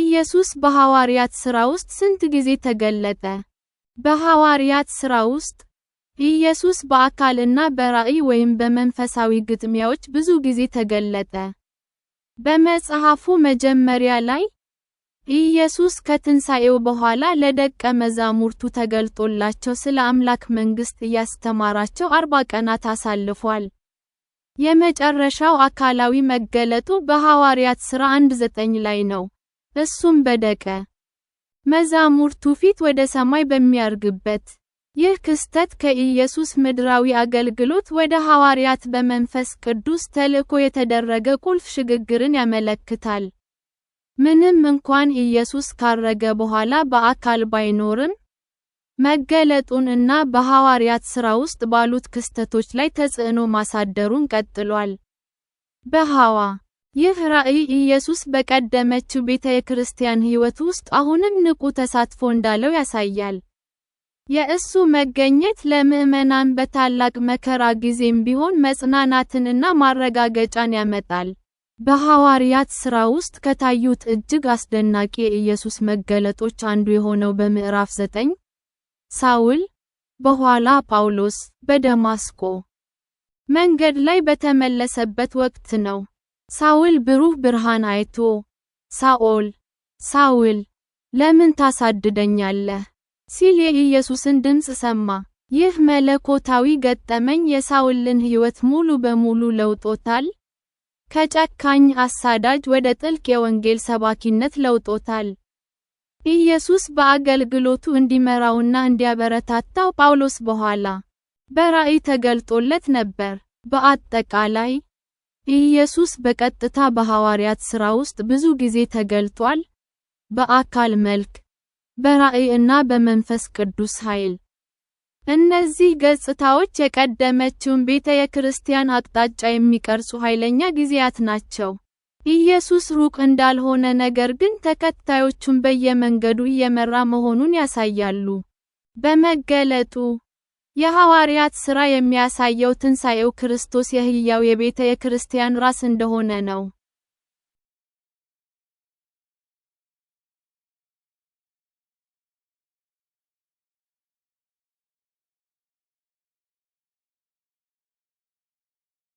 ኢየሱስ በሐዋርያት ሥራ ውስጥ ስንት ጊዜ ተገለጠ? በሐዋርያት ሥራ ውስጥ ኢየሱስ በአካልና በራእይ ወይም በመንፈሳዊ ግጥሚያዎች ብዙ ጊዜ ተገለጠ። በመጽሐፉ መጀመሪያ ላይ ኢየሱስ ከትንሣኤው በኋላ ለደቀ መዛሙርቱ ተገልጦላቸው ስለ አምላክ መንግሥት እያስተማራቸው አርባ ቀናት አሳልፏል። የመጨረሻው አካላዊ መገለጡ በሐዋርያት ሥራ 1:9 ላይ ነው። እሱም በደቀ መዛሙርቱ ፊት ወደ ሰማይ በሚያርግበት ይህ ክስተት ከኢየሱስ ምድራዊ አገልግሎት ወደ ሐዋርያት በመንፈስ ቅዱስ ተልእኮ የተደረገ ቁልፍ ሽግግርን ያመለክታል። ምንም እንኳን ኢየሱስ ካረገ በኋላ በአካል ባይኖርም፣ መገለጡን እና በሐዋርያት ሥራ ውስጥ ባሉት ክስተቶች ላይ ተጽዕኖ ማሳደሩን ቀጥሏል። በሐዋ ይህ ራዕይ ኢየሱስ በቀደመችው ቤተ ክርስቲያን ሕይወት ውስጥ አሁንም ንቁ ተሳትፎ እንዳለው ያሳያል። የእሱ መገኘት ለምዕመናን በታላቅ መከራ ጊዜም ቢሆን መጽናናትንና ማረጋገጫን ያመጣል። በሐዋርያት ሥራ ውስጥ ከታዩት እጅግ አስደናቂ የኢየሱስ መገለጦች አንዱ የሆነው በምዕራፍ 9 ሳውል፣ በኋላ ጳውሎስ፣ በደማስቆ መንገድ ላይ በተመለሰበት ወቅት ነው። ሳውል ብሩህ ብርሃን አይቶ ሳኦል ሳውል ለምን ታሳድደኛለህ ሲል የኢየሱስን ድምፅ ሰማ። ይህ መለኮታዊ ገጠመኝ የሳውልን ሕይወት ሙሉ በሙሉ ለውጦታል። ከጨካኝ አሳዳጅ ወደ ጥልቅ የወንጌል ሰባኪነት ለውጦታል። ኢየሱስ በአገልግሎቱ እንዲመራውና እንዲያበረታታው ጳውሎስ በኋላ በራእይ ተገልጦለት ነበር። በአጠቃላይ ኢየሱስ በቀጥታ በሐዋርያት ሥራ ውስጥ ብዙ ጊዜ ተገልጧል፣ በአካል መልክ፣ በራእይ እና በመንፈስ ቅዱስ ኃይል። እነዚህ ገጽታዎች የቀደመችውን ቤተ የክርስቲያን አቅጣጫ የሚቀርጹ ኃይለኛ ጊዜያት ናቸው። ኢየሱስ ሩቅ እንዳልሆነ ነገር ግን ተከታዮቹን በየመንገዱ እየመራ መሆኑን ያሳያሉ። በመገለጡ የሐዋርያት ሥራ የሚያሳየው ትንሣኤው ክርስቶስ የሕያው የቤተ የክርስቲያን ራስ እንደሆነ ነው።